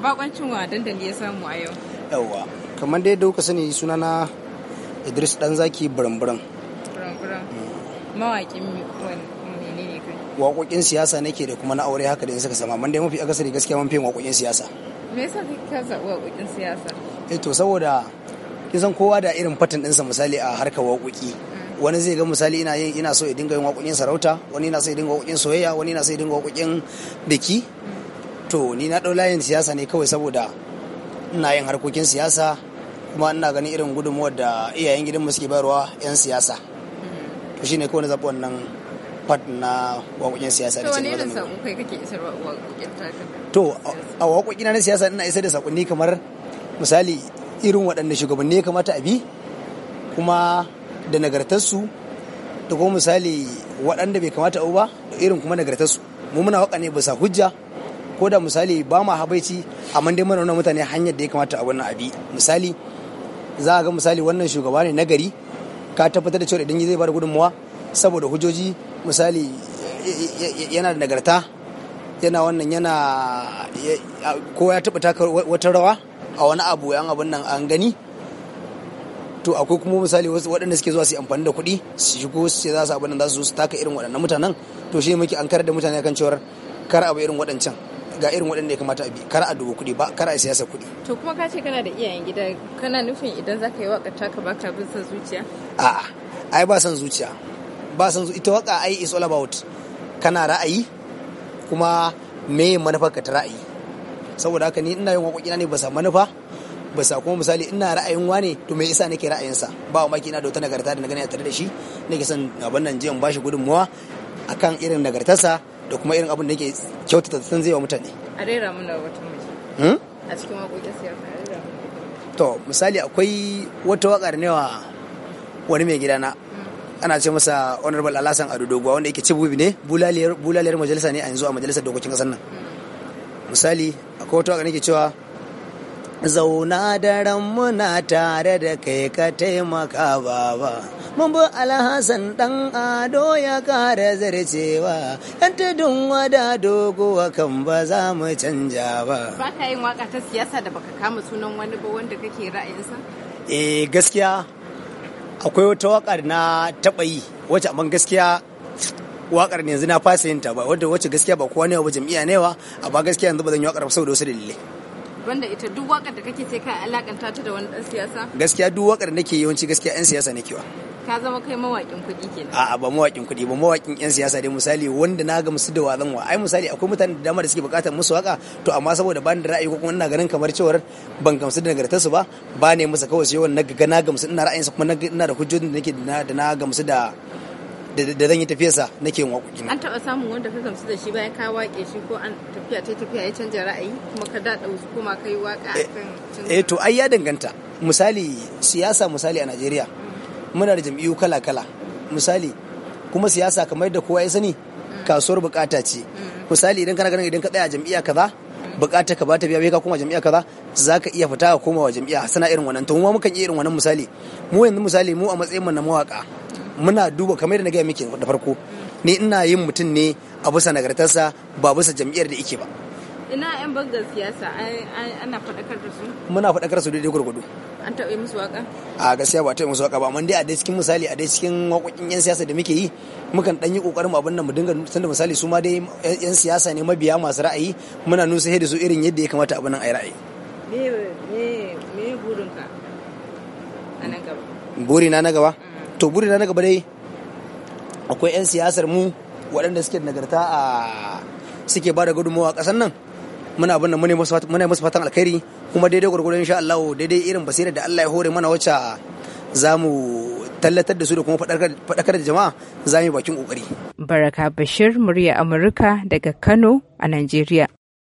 bakoncin wa dandali ya samu a yau. Yawwa, kamar dai dauka kuka sani na Idris Danzaki zaki Buramburan. Mawaƙin ne kai? Waƙoƙin siyasa nake da kuma na aure haka da in suka sama. Man dai mafi akasari gaskiya man fi waƙoƙin siyasa. Me yasa ka zaɓi waƙoƙin siyasa? Eh to saboda kisan kowa da irin fatan ɗinsa misali a harkar waƙoƙi. Mm. wani zai ga misali ina yin ina so ya dinga yin waƙoƙin sarauta wani ina so ya dinga waƙoƙin soyayya wani ina so ya dinga waƙoƙin biki mm. to ni na ɗau layin siyasa ne kawai saboda ina yin harkokin siyasa kuma ina ganin irin gudunmuwar da iyayen gidanmu suke bayarwa 'yan siyasa to shine kawai na zaɓi wannan part na waƙoƙin siyasa da cikin wani kai kake to a waƙoƙina na siyasa ina isar da saƙonni kamar misali irin waɗanda shugabanni ya kamata a bi kuma da nagartarsu da kuma misali waɗanda bai kamata a ba irin kuma nagartarsu mu muna waƙa ne bisa hujja ko da misali ba ma habaici amma dai mana mutane hanyar da ya kamata a wannan abi misali za a ga misali wannan shugaba ne nagari ka tabbatar da cewa idan zai bada gudunmuwa saboda hujjoji misali yana da nagarta yana wannan yana ko ya taɓa taka wata rawa a wani abu yan abin nan an gani to akwai kuma misali waɗanda suke zuwa su amfani da kuɗi su shigo su ce za su abin nan za su taka irin waɗannan mutanen to shi muke an karar da mutane kan cewar kar abu irin waɗancan ga irin waɗanda ya kamata a bi kar a dubu kuɗi ba kar a siyasa kuɗi to kuma ka ce kana da iyayen gida kana nufin idan ka yi waka ta ka baka bin san zuciya a'a ai ba san zuciya ba san ita waka ai is all about kana ra'ayi kuma me manufar ka ta ra'ayi saboda haka ni ina yin na ne ba sa manufa ba sa kuma misali ina ra'ayin wane to me yasa nake ra'ayinsa ba maki ina da wata nagarta da na gani a tare da shi nake son abin nan jiyan bashi gudunmuwa akan irin nagartarsa da kuma irin abin da yake kyautata san zai wa mutane a rera mana wata mace hmm? a cikin waƙoƙin siyasa a rera to misali akwai wata waƙar ne wa wani mai gidana hmm. ana ce masa honorable alasan ado doguwa wanda yake bubi ne bulaliyar majalisa ne a yanzu a majalisar dokokin ƙasar nan hmm. misali akwai wata waƙar ne ke cewa zauna daren muna tare da kai ka taimaka baba mun bi alhassan dan ado ya kara zarcewa yan tudun wada doguwa kan ba za mu canja ba ba ka yin waka ta siyasa da baka kama sunan wani ba wanda kake ra'ayinsa eh gaskiya akwai wata wakar na taɓa yi wacce amma gaskiya wakar yanzu na fasa yin ta ba wadda wacce gaskiya ba kowa ne ba jam'iyya ne wa amma gaskiya yanzu ba zan yi wakar saboda wasu dalilai wanda ita duk wakar da kake sai ka alakanta ta da wani ɗan siyasa gaskiya duk wakar da nake yawanci gaskiya yan siyasa nake wa ka zama kai mawakin kuɗi kenan a'a ba mawakin kuɗi ba mawakin yan siyasa dai misali wanda na ga musu da wazan wa ai misali akwai mutane da dama da suke bukatar musu waka to amma saboda bani da ra'ayi ko kuma ina ganin kamar cewar ban gamsu da nagartarsu ba ba ne musu kawai sai wannan ga na gamsu ina ra'ayinsa kuma ina da hujjojin da nake da na gamsu da da zan yi tafiyarsa nake yin waƙoƙi an taɓa samun wanda ka gamsu da shi bayan ka waƙe shi ko an tafiya ta tafiya ya canja ra'ayi kuma ka daɗa wasu kuma yi waƙa eh, akan eh to ai ya danganta misali siyasa misali a Najeriya muna da jam'iyyu kala kala misali kuma siyasa kamar da kowa ya sani mm. kasuwar bukata ce mm. misali idan kana ganin idan ka tsaya a jam'iyya kaza bukata ka ba ta biya bai ka koma jam'iyya kaza ka iya fita ka koma wa jami'a sana irin wannan to mu mukan iya irin wannan misali mu yanzu misali mu a matsayin mu na mawaka muna duba kamar yadda na gaya miki da farko ni ina yin mutum ne a bisa nagartarsa ba bisa jam'iyyar da ike ba ina yan bangar siyasa ana faɗakar da su muna faɗakar su daidai gurgudu an taɓa musu waka a gaskiya ba taɓa musu waka ba amma dai a dai cikin misali a dai cikin waƙoƙin yan siyasa da muke yi mukan dan yi kokarin abin nan mu dinga tunda misali su ma dai yan siyasa ne mabiya masu ra'ayi muna nusa da su irin yadda ya kamata abin nan a yi ra'ayi me me me burinka a nan gaba burina na gaba mm. to burina na gaba dai akwai 'yan siyasar mu waɗanda suke nagarta a suke ba da gudunmawa a ƙasar nan muna abin da muna musu fatan alkhairi kuma daidai gwargwado insha Allah daidai irin basira da Allah ya hore mana wacce za mu tallatar da su da kuma faɗakar da jama'a za mu yi bakin ƙoƙari. Baraka Bashir, murya Amurka daga Kano a Najeriya.